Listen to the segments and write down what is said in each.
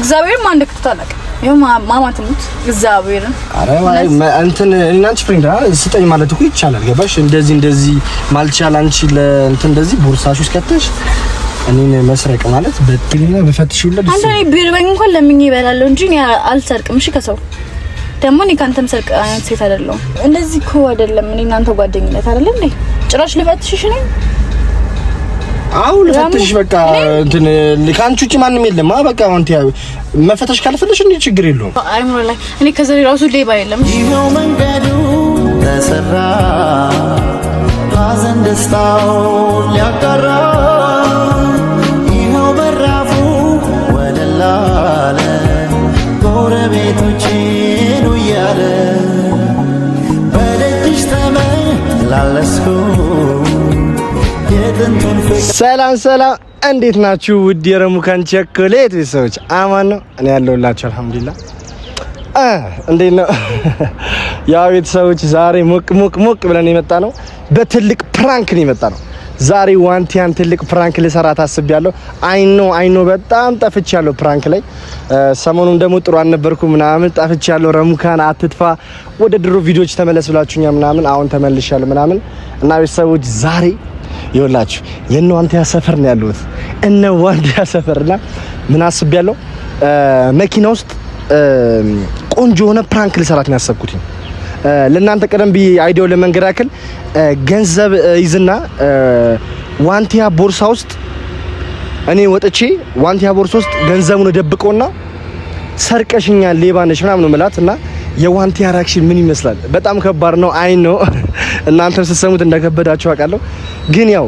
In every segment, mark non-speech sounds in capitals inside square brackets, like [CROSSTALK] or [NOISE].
እግዚአብሔርም አንድ ክፍት አላውቅም። ይሄ ማማ ትሙት እግዚአብሔርን። አረ ማይ እንትን እናንቺ ፍሬንድ ስጠኝ ማለት እኮ ይቻላል። ገባሽ? እንደዚህ እንደዚህ ማልቻል አንቺ ለእንትን እንደዚህ ቦርሳሽ ውስጥ ከተሽ እኔን መስረቅ ማለት በትልና በፈትሽ ይውላል። አንተ እኔ ቢርበኝ እንኳን ለምኜ ይበላለሁ እንጂ እኔ አልሰርቅም። እሺ ከሰው ደግሞ እኔ ካንተም ሰርቅ አይነት ሴት አይደለሁም። እንደዚህ እኮ አይደለም። እኔ እናንተ ጓደኝነት አይደለም። እኔ ጭራሽ ልፈትሽሽ ነኝ አሁን ልፈትሽ በቃ እንትን ከአንቺ ውጪ ማንም የለም። በቃ አሁን መፈተሽ ካልፈለሽ እንዴ ችግር የለውም። አይምሮ ላይ እኔ ከዛ ራሱ ሌባ የለም። ይኸው መንገዱ ተሰራ፣ ሐዘን ደስታው ሊያጋራ ይኸው በራፉ ወደላለ ጎረቤቶች እያለ በደጅሽ ተመላለስኩ ሰላም ሰላም፣ እንዴት ናችሁ? ውድ የረሙካን ቸኮሌት ቤተሰቦች አማን ነው። እኔ ያለሁላችሁ አልሐምዱሊላህ። እንዴት ነው [LAUGHS] ያ ቤተሰቦች? ዛሬ ሞቅ ሞቅ ሞቅ ብለን የመጣ ነው። በትልቅ ፕራንክ ነው የመጣ ነው። ዛሬ ዋንቲያን ትልቅ ፕራንክ ልሰራ ታስቤያለሁ። አይኖ አይኖ በጣም ያለው ፕራንክ ላይ። ሰሞኑን ደግሞ ጥሩ አልነበርኩም ምናምን ጠፍቻለሁ። ረሙካን አትጥፋ፣ ወደ ድሮ ቪዲዮዎች ተመለስ ብላችሁኛ ምናምን። አሁን ተመልሻለሁ ምናምን እና ቤተሰቦች ዛሬ ይኸውላችሁ የእነ ዋልትያ ሰፈር ነው ያለሁት። እነ ዋልትያ ሰፈርና ምን አስቤያለሁ መኪና ውስጥ ቆንጆ የሆነ ፕራንክ ልሰራት ነው ያሰብኩት። ለእናንተ ቀደም ብዬ አይዲዮ ለመንገድ ያክል ገንዘብ ይዝና ዋንቲያ ቦርሳ ውስጥ እኔ ወጥቼ ዋንቲያ ቦርሳ ውስጥ ገንዘቡን ደብቀውና ሰርቀሽኛል፣ ሌባ ነሽ ምናምን ምላት እና የዋንቲያ ሪያክሽን ምን ይመስላል? በጣም ከባድ ነው። አይ ነው እናንተም ስትሰሙት እንደከበዳችሁ አውቃለሁ። ግን ያው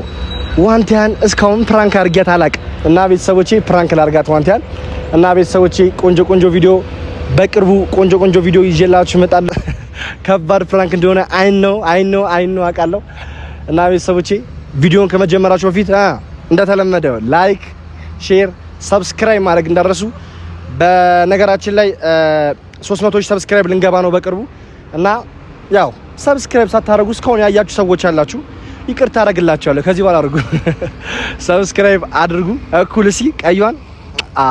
ዋንቲያን እስካሁን ፕራንክ አድርጊያት አላቅ እና ቤተሰቦቼ ፕራንክ ላርጋት ዋንቲያን እና ቤተሰቦቼ ቆንጆ ቆንጆ ቪዲዮ በቅርቡ ቆንጆ ቆንጆ ቪዲዮ ይዤላችሁ እመጣለሁ። [LAUGHS] ከባድ ፕራንክ እንደሆነ አይን ነው አይን ነው አይን ነው አውቃለሁ። እና ቤተሰቦቼ ቪዲዮን ከመጀመራችሁ በፊት እንደተለመደው ላይክ፣ ሼር፣ ሰብስክራይብ ማድረግ እንዳረሱ። በነገራችን ላይ 300 ሺህ ሰብስክራይብ ልንገባ ነው በቅርቡ እና ያው ሰብስክራይብ ሳታደርጉ እስካሁን ያያችሁ ሰዎች አላችሁ፣ ይቅርታ አደርግላችኋለሁ። ከዚህ በኋላ አድርጉ፣ [LAUGHS] ሰብስክራይብ አድርጉ። እኩል ሲ ቀይዋን አ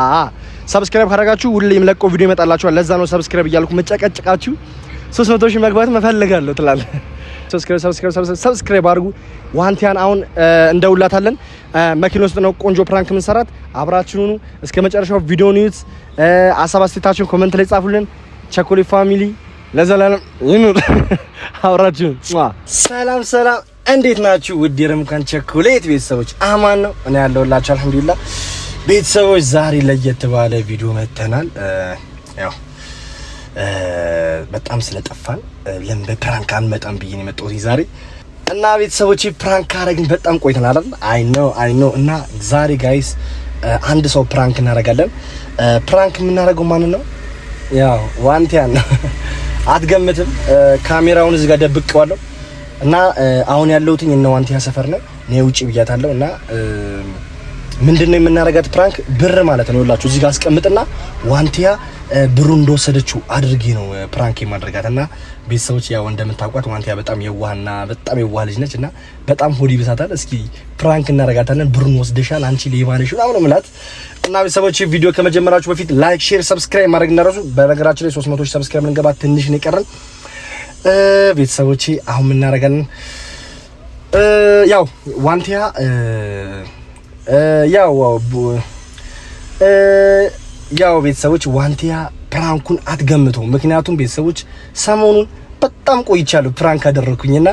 ሰብስክራይብ ካደረጋችሁ ሁሌ የምለቀው ቪዲዮ ይመጣላችኋል። ለዛ ነው ሰብስክራይብ እያልኩ መጨቀጭቃችሁ 300 ሺህ መግባት መፈልጋለሁ ትላለ። [LAUGHS] ሰብስክራይብ ሰብስክራይብ ሰብስክራይብ አድርጉ። ዋንቲያን አሁን እንደውላታለን። መኪና ውስጥ ነው ቆንጆ ፕራንክ የምንሰራት። አብራችሁኑ እስከ መጨረሻው ቪዲዮ ኒውት አሳብ አስተያየታችሁን ኮመንት ላይ ጻፉልን። ቸኮሌ ፋሚሊ ለዘላለም ይኑር [LAUGHS] አብራችሁን። ሰላም ሰላም፣ እንዴት ናችሁ? ውድ የረምካን ቸኮሌት ቤተሰቦች አማን ነው እኔ ያለሁላችሁ አልሐምዱሊላህ። ቤተሰቦች ዛሬ ለየት ባለ ቪዲዮ መተናል። ያው በጣም ስለጠፋን ለምን በፕራንክ አንመጣም ብዬ ነው የመጣሁት ዛሬ እና ቤተሰቦች ፕራንክ አረግን በጣም ቆይተናል አይደል? አይ ኖ አይ ኖ። እና ዛሬ ጋይስ አንድ ሰው ፕራንክ እናደርጋለን። ፕራንክ የምናደርገው ማንን ነው? ያው ዋንቲያን ነው [LAUGHS] አትገምትም። ካሜራውን እዚህ ጋር ደብቄዋለሁ እና አሁን ያለሁትኝ እነ ዋንቲያ ሰፈር ነው። ነይ ውጪ ብያታለሁ እና ምንድነው ነው የምናረጋት ፕራንክ ብር ማለት ነው። ሁላችሁ እዚህ ጋር አስቀምጥና ዋንቲያ ብሩ እንደወሰደችው አድርጌ ነው ፕራንክ የማድረጋት እና ቤተሰቦች ያው እንደምታውቋት ዋንቲያ በጣም የዋህና በጣም የዋህ ልጅ ነች እና በጣም ሆዲ ብሳታል። እስኪ ፕራንክ እናረጋታለን። ብሩን ወስደሻል አንቺ ሌባ ነሽ ምናምን ምላት እና ቤተሰቦች ቪዲዮ ከመጀመራችሁ በፊት ላይክ፣ ሼር፣ ሰብስክራይብ ማድረግ እንዳትረሱ። በነገራችን ላይ 300 ሺህ ሰብስክራይብ ልንገባ ትንሽ ነው የቀረን ቤተሰቦቼ። አሁን ምን እናደርጋለን? ያው ዋንቲያ ያው ያው ቤተሰቦች ዋንቲያ ፕራንኩን አትገምተው። ምክንያቱም ቤተሰቦች ሰሞኑን በጣም ቆይቻለሁ ፕራንክ አደረኩኝና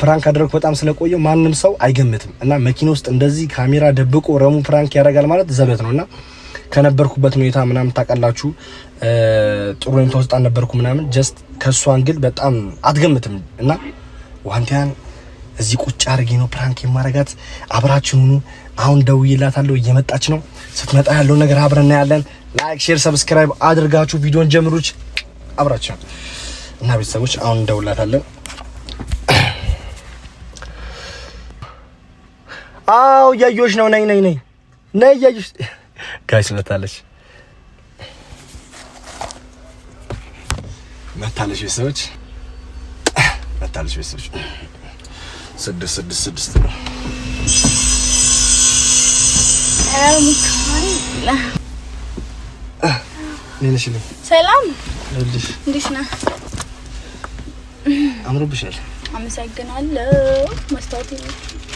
ፕራንክ አደረኩ በጣም ስለቆየ ማንም ሰው አይገምትም። እና መኪና ውስጥ እንደዚህ ካሜራ ደብቆ ረሙ ፕራንክ ያደርጋል ማለት ዘበት ነውና ከነበርኩበት ሁኔታ ምናምን ታውቃላችሁ፣ ጥሩ ሁኔታ ውስጥ አልነበርኩ ምናምን ጀስት ከእሱ አንግል በጣም አትገምትም እና ዋንቲያን እዚህ ቁጭ አድርጌ ነው ፕራንክ የማረጋት። አብራችሁ ሁኑ። አሁን ደውዬላታለሁ፣ እየመጣች ነው። ስትመጣ ያለው ነገር አብረን እናያለን። ላይክ፣ ሼር፣ ሰብስክራይብ አድርጋችሁ ቪዲዮን ጀምሩች አብራችሁ እና ቤተሰቦች አሁን እንደውላታለን። አዎ እያየሁሽ ነው። ነይ ነይ ነይ ነይ እያየሁሽ ጋይስ መታለች መታለች ቤተሰቦች መታለች ቤተሰቦች ስድስት ስድስት ስድስት ነው። ሰላም እንዴት ነህ? አምሮብሻል። አመሰግናለሁ። መስታወት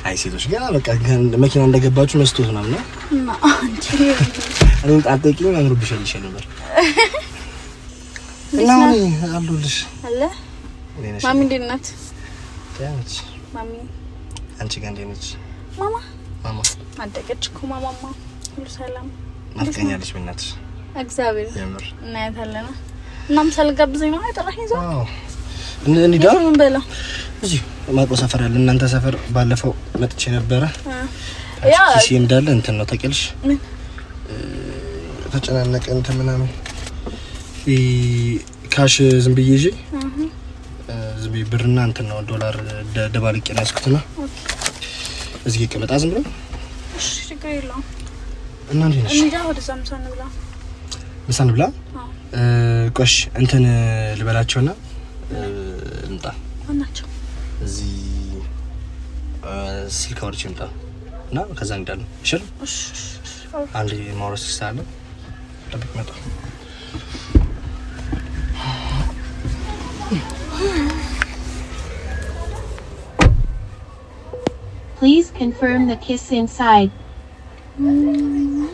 አይ ሴቶች ገና በቃ መኪና እንደገባችሁ መስታወት ነው እና አንቺ እኔን አምሮብሻል ይሻል ነበር እና አሁን አሉልሽ አለ ማሚ እንዴት ናት? ማሚ አንቺ ጋር እንዴት ነች ማማ? ማማ አደገች እኮ ማማማ። ሁሉ ሰላም ናፍቀኛለች። በእናትሽ እግዚአብሔር የምር እናያታለና እናም ሳልጋብዘኝ ነው አይጠራኝ ዘው እንዲዳ ምንበላው እዚህ ማቆ ሰፈር አለ። እናንተ ሰፈር ባለፈው መጥቼ ነበረ። ያ እንዳለ እንትን ነው ታውቂያለሽ፣ ተጨናነቀ እንትን ምናምን ካሽ ዝም ብዬ ይዤ ብርና እንትን ነው ዶላር ደባልቄ ነው ያዝኩት እና እዚህ ይቀመጣ ዝም ብሎ እና እንዴት ነሽ? ምሳ እንብላ። ቆሽ እንትን ልበላቸውና እንምጣ። እዚህ ስልክ አውርቼ እንምጣ እና ከዛ እንሄዳለን። እሺ፣ አንድ ማውረስ ስላለ ጠብቅ መጣ Please confirm the kiss inside. Mm.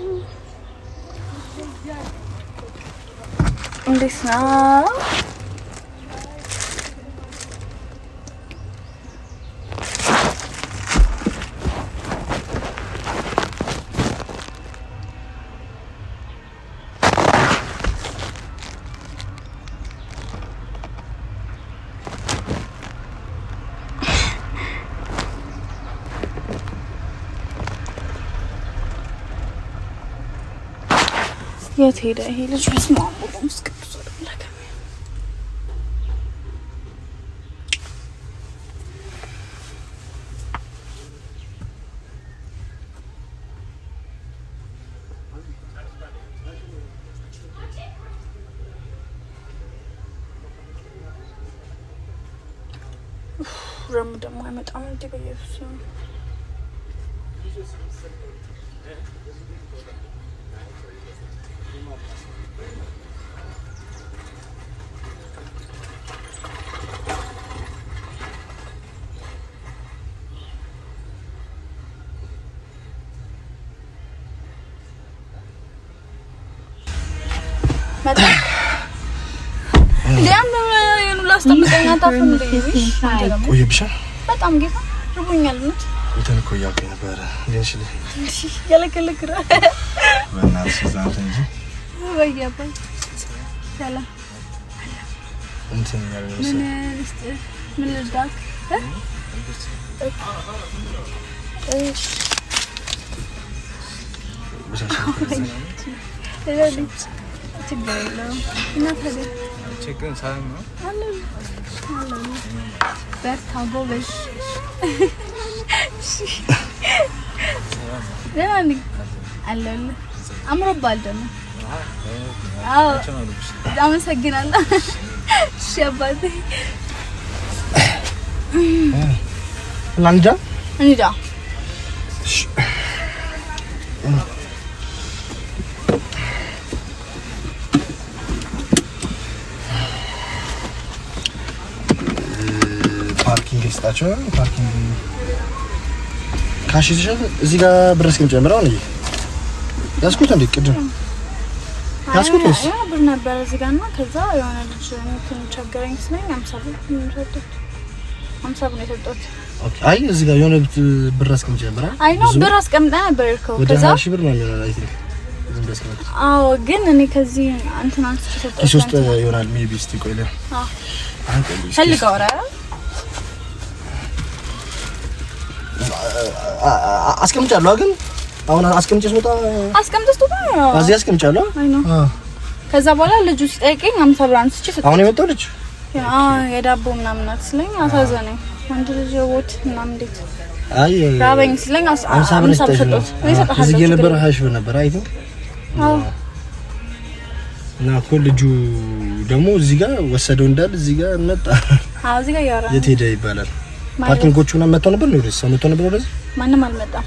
English now. የት ሄደ ይሄ ልጅ? በስመ አብ ወወልድ ወመንፈስ ቅዱስ። ረሙ ደግሞ አይመጣም እንዴ? በኢየሱስ ቆየብሻል በጣም ጌታ በርታ ጎበዝ። ደህና ነኝ አለሁልህ። አምሮብሃል ደግሞ አመሰግናለሁ። እሺ አባቴ እና እንጃ ፓርኪንግ ልስጣቸው። ፓርኪንግ ካሽ ይዘሻል። እዚህ ጋር ብር እስክንጨምር አሁን ያስኩት እንዴ ቅድም ያስኩትስ ብር ነበር እዚህ ጋር እና ከዛ የሆነ ልጅ እንትን ቸገረኝ ስለኝ አምሳ ብር ሰጠሁት። አምሳ ብር ነው የሰጠሁት። አይ እዚህ ጋር የሆነ ብር አስቀምጬ ነበር። አይ ነው ብር አስቀምጣ ነበር የሄድከው። ከዛ ወደ ሺህ ብር ነው ያለው አይ ቲንክ አዎ ግን እኔ ከዚህ እንትን አንስቼ ሰጠሁት። እሺ ውስጥ ይሆናል ሜይ ቢ እስኪ ቆይ ለምን ፈልገው ኧረ አስቀምጫለሁ ግን አሁን አስቀምጪ ስወጣ አስቀምጪ ስወጣ እዚህ አስቀምጫለሁ። ከዛ በኋላ ልጁ ሲጠይቀኝ አምሳ ብር አንስቼ ሰጠሁት። አሁን የመጣው ልጅ የዳቦ ምናምን ስለኝ አሳዘነኝ። አንድ ልጅ ወት ምናምን እንዴት አይ ራበኝ ስለኝ አምሳ ብር ሰጠሁት። እዚህ የነበረ ሀሽ ብር ነበር አይቶ እና እኮ ልጁ ደግሞ እዚህ ጋር ወሰደው እንዳል እዚህ ጋር መጣ። አዎ እዚህ ጋር ያወራል። የት ሄደ ይባላል። ፓርኪንጎቹ ምናምን መጥተው ነበር ነው ወደዚህ ሰው መጥተው ነበር ወደዚህ ማንም አልመጣም።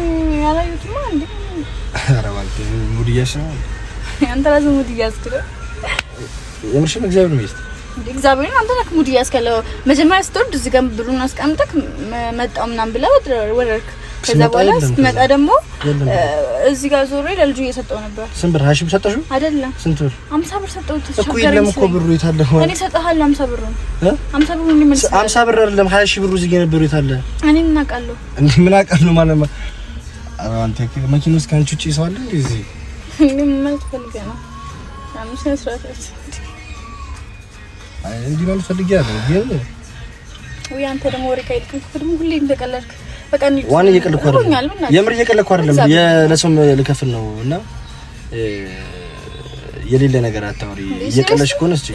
ያላዩትማ እንዴ? ኧረ እባክህ ሙድ እያዝሽ መጀመሪያ ስትወርድ እዚህ ጋር ብሩን አስቀምጠክ መጣው ምናምን ብለህ ወረድክ። ከዛ በኋላ ስትመጣ ደግሞ እዚህ ጋር ዞሮ ለልጁ እየሰጠው ነበር። ስንት ብር? ሀያ ሺህ ብር ሰጠሽው አይደለም? ስንት ብር? ሀምሳ ብር ሰጠሁት እኮ። የለም እኮ ብሩ የት እኔ እሰጥሃለሁ ሀምሳ ብሩን። ሀምሳ ብሩን ሀምሳ ብር አይደለም ሀያ ሺህ ብሩ እዚህ ጋር የነበረው የት እኔ ምን አውቃለሁ? ምን አውቃለሁ ማለት ነው አንተ መኪና ውስጥ ከአንቺ ውጪ ሰው አለ እዚህ እንዲህ ማለት ፈልጌ አይደል? አንተ ደግሞ ዋን እየቀለድኩ አይደለም፣ የምር እየቀለድኩ አይደለም። ለሰውም ልከፍል ነው እና የሌለ ነገር አታውሪ። እየቀለድሽ ከሆነ እስቲ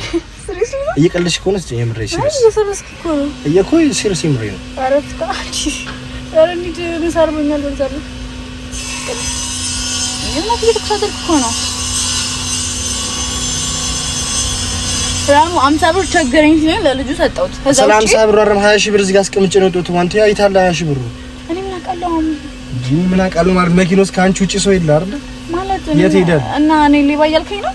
እየቀለድሽ ከሆነ እስቲ የምር ሲሪየስ እየኮይ ሲሪየስ የምር ነው። ሰላም ሳብሩ አምሳ ብር ብር አረም 20 ሺህ ብር እዚህ ጋር አስቀምጬ ነው የወጡት። አንተ አይታለህ 20 ሺህ ብሩ እኔ ምን አውቃለሁ። ማለት መኪኖስ ከአንቺ ውጪ ሰው የለ አይደል? ማለት የት እና እኔ ሌባ እያልከኝ ነው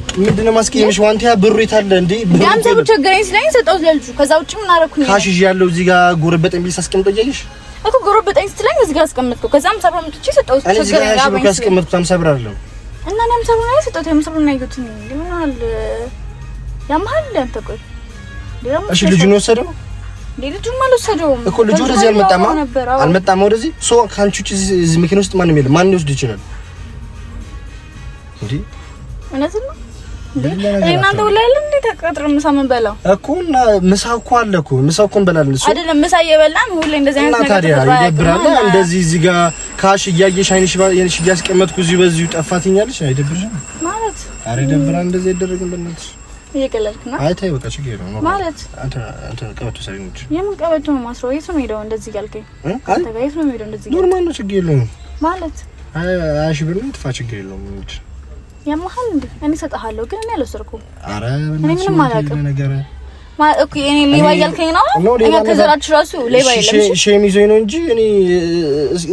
ምንድነው ማስቀየምሽ? ዋንቲያ ብሩ የታለ እንዴ? ያንተ ብቻ ችግረኝ ስለኝ ሰጠሁት ለልጁ። ከዛ ውጭ ምን አደረኩኝ? ካሽ ያለው እዚህ ጋር ጎረበጠኝ ቢልስ አስቀምጠው እያየሽ እኮ ጎረበጠኝ ስትለኝ እዚህ ጋር አስቀምጥኩ። ከዛም ሰብሮ ምትቼ ሰጠሁት። እዚህ ጋር ብቻ አስቀምጥኩ። ታም ሰብራ አለው እና ናም ሰብሮ ነው ሰጠሁት። ያም ሰብሮ ነው ያዩት ነው ለምናል ያማል አንተ ቆይ እሺ፣ ልጁን ወሰደው እንዴ? ልጁን አልወሰደውም እኮ ልጁ ወደዚህ አልመጣማ አልመጣማ ወደዚህ። ሶ ካንቺ ውጪ እዚህ መኪና ውስጥ ማንም የለም። ማን ይወስድ ይችላል እንዴ? እውነትም ነው እናንተ ሁላል እንዴ ተቀጥሮ ምሳ ምን በላው እኮ እና ምሳ እኮ አለ እኮ ምሳ እኮ እንበላለን። እሱ አይደለም ምሳ እየበላን ሁሌ እንደዚህ አይነት ነገር ታዲያ ይደብራል። እንደዚህ እዚህ ጋር ካሽ እያየሽ አይንሽ ባየንሽ እያስቀመጥኩ እዚህ በዚሁ ጠፋትኛለሽ። አይደብርሽም ማለት አሬ ይደብራል። እንደዚህ አይደረግም። በእናትሽ አይ ተይ በቃ ችግር የለውም ማለት አንተ አንተ ቀበቶ ሰሪንች የምን ቀበቶ ነው ማስሮ የት ነው ሄደው እንደዚህ ያልከኝ አንተ ጋር የት ነው ሄደው እንደዚህ ኖርማል ነው። ችግር የለውም ማለት አይ አሽ ብር ነው ጥፋ ችግር የለውም እንዴ ያማሃል እንዴ? እኔ ግን እኔ አልወሰድኩም። አረ እኔ ምንም አላውቅም። ነገር እኔ ሌባ እያልከኝ ነው? እኛ ራሱ ሌባ የለም። ሼም ይዞኝ ነው እንጂ እኔ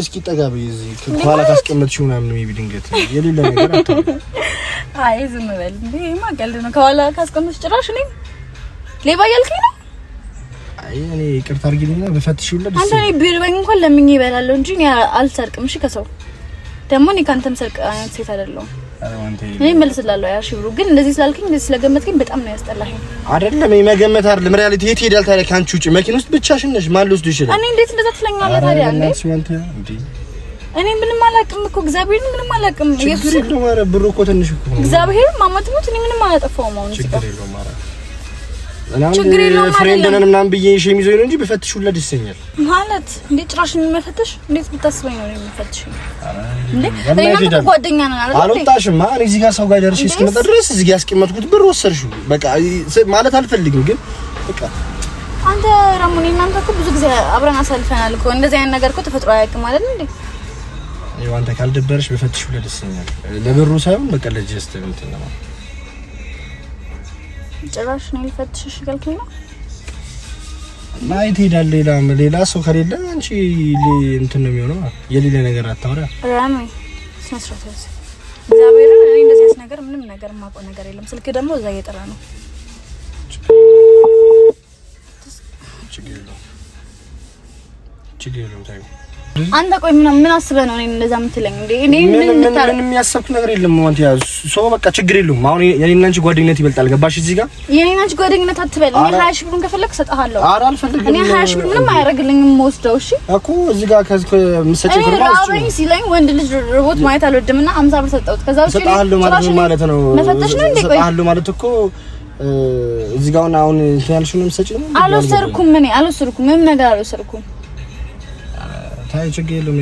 እስኪ ጠጋ በይ፣ እዚህ ከኋላ ካስቀመጥሽው ምናምን ነው ድንገት የሌለ ነገር አታውቅም። [LAUGHS] አይ ዝም በል እንዴ፣ ማቀልድ ነው። ከኋላ ካስቀመጥሽ ጭራሽ እኔ ሌባ እያልከኝ ነው? አይ እኔ ይቅርታ አድርጊልኝና አንተ እኔ ቢርበኝ እንኳን ለምኜ እበላለሁ እንጂ እኔ አልሰርቅም። እሺ ከሰው ደግሞ እኔ ካንተም ሰርቅ አይነት ሴት አይደለሁም። እኔ እመልስላለሁ። ያሺ ብሩ ግን እንደዚህ ስላልከኝ እንደዚህ ስለገመትከኝ በጣም ነው ያስጠላኝ። አይደለም የመገመት አይደለም ሪያሊቲ። የት ይሄዳል ታዲያ? ከአንቺ ውጪ መኪና ውስጥ ብቻሽን ነሽ። ማን ልወስዱ ይችላል? እኔ እንዴት እንደዛ ትለኛለህ ታዲያ? እኔ ምንም አላውቅም እኮ እግዚአብሔር፣ ምንም አላውቅም። ብሩ እኮ ትንሽ እኮ እግዚአብሔር ማማትሙት እኔ ምንም አላጠፋሁም አሁን ችግር የለውም ፍሬንድ ነን ምናምን ብዬ ሸሚዞ ነው እንጂ ብፈትሽ ሁላ ደስ ይለኛል። ማለት እንዴት ጭራሽ የሚፈትሽ እንዴት ብታስበኝ ነው የሚፈትሽ? እንዴ እኔ ጓደኛ ነን አይደል? አልወጣሽማ። እኔ እዚህ ጋር ሰው ጋር ደርሽ እስክመጣ ድረስ እዚህ ጋር ያስቀመጥኩት ብር ወሰድሽው። በቃ ማለት አልፈልግም ግን በቃ አንተ ራሙን እናንተ እኮ ብዙ ጊዜ አብረን አሳልፈናል እኮ እንደዚህ አይነት ነገር እኮ ተፈጥሮ አያውቅም ነው እንዴ? ይኸው አንተ ካልደበረሽ ብፈትሽ ሁላ ደስ ይለኛል። ለብሩ ሳይሆን በቃ ለጀስት እንትን ነው ጭራሽ ነው ልፈትሽሽ ገልኩኝ ነው ማየት ሄዳል። ሌላ ሌላ ሰው ከሌለ አንቺ እንትን ነው የሚሆነው። የሌለ ነገር አታወራ። ራሚ ስነስርዓት እኔ እንደዚህ ነገር ምንም ነገር የማውቀው ነገር የለም። ስልክ ደግሞ እዛ እየጠራ ነው። ችግር የለውም፣ ችግር የለውም። አንተ ቆይ ምን ምን አስበህ ነው እኔን እንደዛ የምትለኝ እንዴ? እኔ ምን ምን የሚያሰብኩት ነገር የለም። አንተ ያው በቃ ችግር የለውም። አሁን የኔና አንቺ ጓደኝነት ይበልጣል። ገባሽ? እዚህ ጋር የኔና አንቺ ጓደኝነት አትበል። እኔ ሀያ ሺህ ብሩን ከፈለክ እሰጥሃለሁ። ኧረ አልፈልግም። እኔ ሀያ ሺህ ብሩን ምንም አያደርግልኝም። ወስደው እሺ እኮ እዚህ ጋር ከዚህ የምትሰጪው ብር አብረኝ ሲለኝ ወንድ ልጅ ሮቦት ማየት አልወድምና አምሳ ብር ሰጠሁት። ከዛ ውጪ እሰጥሃለሁ ማለት ነው ማለት ነው መፈተሽ ነው እንዴ? ቆይ እሰጥሃለሁ ማለት እኮ እዚህ ጋር አሁን አሁን ያልሽውን የምትሰጪው ነው። አልወሰድኩም። እኔ አልወሰድኩም፣ ምንም ነገር አልወሰድኩም። ታይ ችግር የለውም።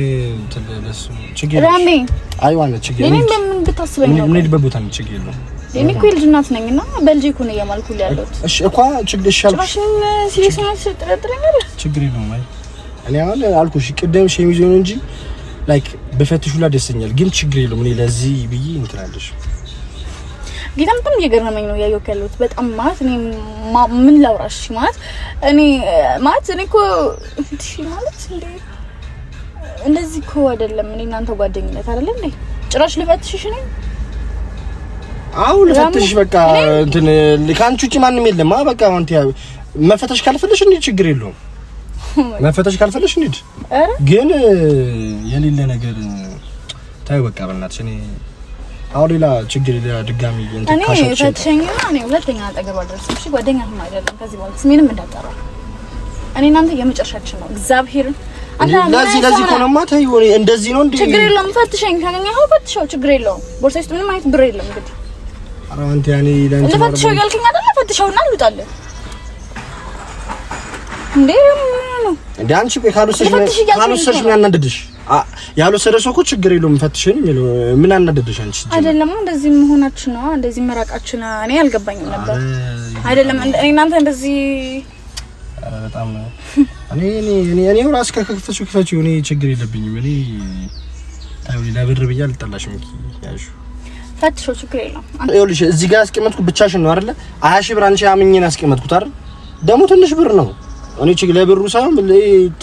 ተበለሱ ችግር ራሚ አይዋና ችግር የለም። እኔ ምን ብታስበኝ ነው? ምን ልበቡታ ነው? ችግር የለውም። እኔ እኮ የልጅ እናት ነኝና በልጄ እኮ ነው እያማልኩ ያለሁት። እሺ እኮ ችግር ይሻል። እሺ ሲሪየስ ነው ትጠረጥረኛለህ? ችግር የለውም። አይ እኔ አሁን አልኩሽ ቅድም ሸሚዝ ነው እንጂ ላይክ በፈትሽ ሁላ ደስተኛል። ግን ችግር የለውም። እኔ ለዚህ ብዬ እንትላለሽ ጌታ በጣም እየገረመኝ ነው እያየሁት ያለሁት። በጣም ማለት እኔ ምን ላውራሽ ማለት እኔ ማለት እኔ እኮ ማለት እንዴ እንደዚህ እኮ አይደለም። እኔ እናንተ ጓደኝነት አይደለ እንዴ? ጭራሽ ልፈትሽሽ ነኝ። አዎ ልፈትሽ። በቃ እንትን ከአንቺ ውጪ ማንም የለም። በቃ አንተ ያው መፈተሽ ካልፈለሽ እንሂድ፣ ችግር የለውም። መፈተሽ ካልፈለሽ እንሂድ። ግን የሌለ ነገር ታይ በቃ በእናትሽ እኔ አሁን ሌላ ችግር ሌላ ድጋሚ እንትን ካሽ እኔ ፈትሸኝና እኔ ሁለተኛ አጠገብ አልደርስም። እሺ ጓደኛም አይደለም። ከዚህ በኋላ ስሜንም እንዳጠራ እኔ እናንተ የመጨረሻችን ነው እግዚአብሔርን ለዚህ ለዚህ ከሆነማ ተይው። እንደዚህ ነው እንዴ? ችግር የለውም ፈትሸኝ። ካገኘኸው ፈትሸው፣ ችግር የለውም። ቦርሳ ውስጥ ምንም አይነት ብር የለም። እንግዲህ ኧረ አንተ ያኔ ለአንቺ ፈትሸው እያልከኝ አይደለ? ፈትሸውና እንውጣለን። እንዴ እንዴ? አንቺ ካልወሰድሽ ምን አናደድሽ? ያልወሰደ ሰው እኮ ችግር የለውም ፈትሽን የሚለው ምን አናደድሽ? አንቺ አይደለም እንደዚህ መሆናችን ነው እንደዚህ መራቃችን እኔ አልገባኝም ነበር። አይደለም እናንተ እንደዚህ በጣም [LAUGHS] እኔ እኔ እኔ እኔ ራስ ከከፈችው ክፈችው እኔ ችግር የለብኝም። እኔ ለብር ብዬ አልጠላሽም። ይኸውልሽ እዚህ ጋር ያስቀመጥኩት ብቻሽን ነው አይደለ? ሀያ ሺህ ብር አንቺ አምኜን ያስቀመጥኩት አይደል? ደግሞ ትንሽ ብር ነው። እኔ ችግር ለብሩ ሳይሆን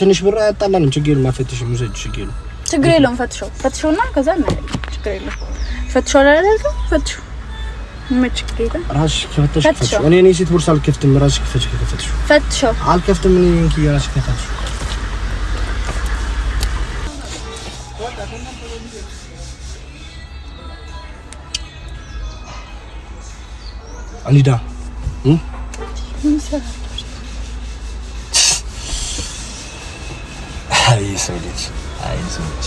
ትንሽ ብር አያጣላንም። ችግር ማፈትሽ ሙሰጅ ችግር ነው። ችግር የለውም። ፈትሾ ፈትሾና ከዛ ችግር የለም። ፈትሾ ላይ ፈትሾ መችግር ራስሽ ከፈተሽ ፈትሽ። እኔ እኔ ሴት ቦርሳ አልከፍትም። ራስሽ ከፈትሽ ከፈትሽ ፈትሽ አልከፍትም። እኔ እንኪ ራስሽ ከፈትሽ አሊዳ አይ ሰው ልጅ አይ ሰው ልጅ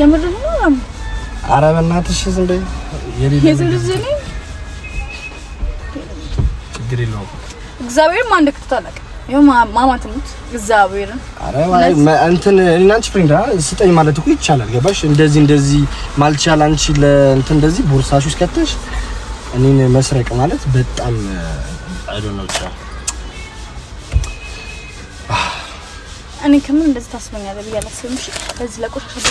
የምር ነው ኧረ በእናትሽ ዝም በይ። ችግር የለውም። እግዚአብሔርን ማን እንደክትት አላውቅም። ማማት ሙት እግዚአብሔርን እንትን እኔና አንቺ ፍሬንድ ስጠኝ ማለት እኮ ይቻላል። ገባሽ? እንደዚህ እንደዚህ ማልቻል አንቺ ለእንትን እንደዚህ ቦርሳሽ ውስጥ ከተሽ እኔን መስረቅ ማለት በጣም አይዶን ነው። እኔ ከምን እንደዚህ ታስበኛለህ ብዬሽ አላስብም። እሺ በዚህ ለቆሻሻ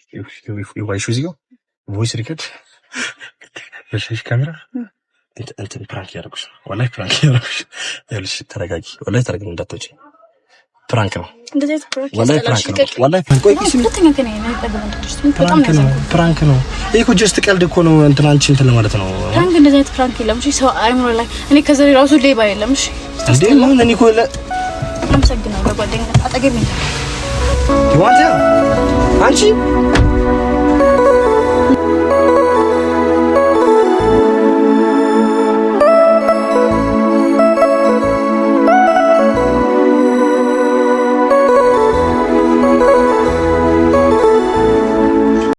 ዋይሹ እዚህ ቮይስ ሪከርድ በሽሽ ካሜራ እንትን ፕራንክ እያደረጉሽ ነው። ወላሂ ፕራንክ እያደረጉሽ ልሽ። ተረጋጊ። ወላሂ ተረጋጊ። እንዳትወጪ። ፕራንክ ነው። ፕራንክ ነው። ይህ እኮ ጀስት ቀልድ እኮ ነው። እንትን አንቺ እንትን ለማለት ነው። ፕራንክ እንደዚህ አይነት ፕራንክ የለም። እሺ፣ ሰው አይምሮ ላይ እኔ ከዛ ራሱ ሌባ የለም። እሺ፣ እንዴ ነው እኔ እኮ አመሰግናለሁ። ጓደኛ አጠገብ ነው ዋንታ Hancıyım.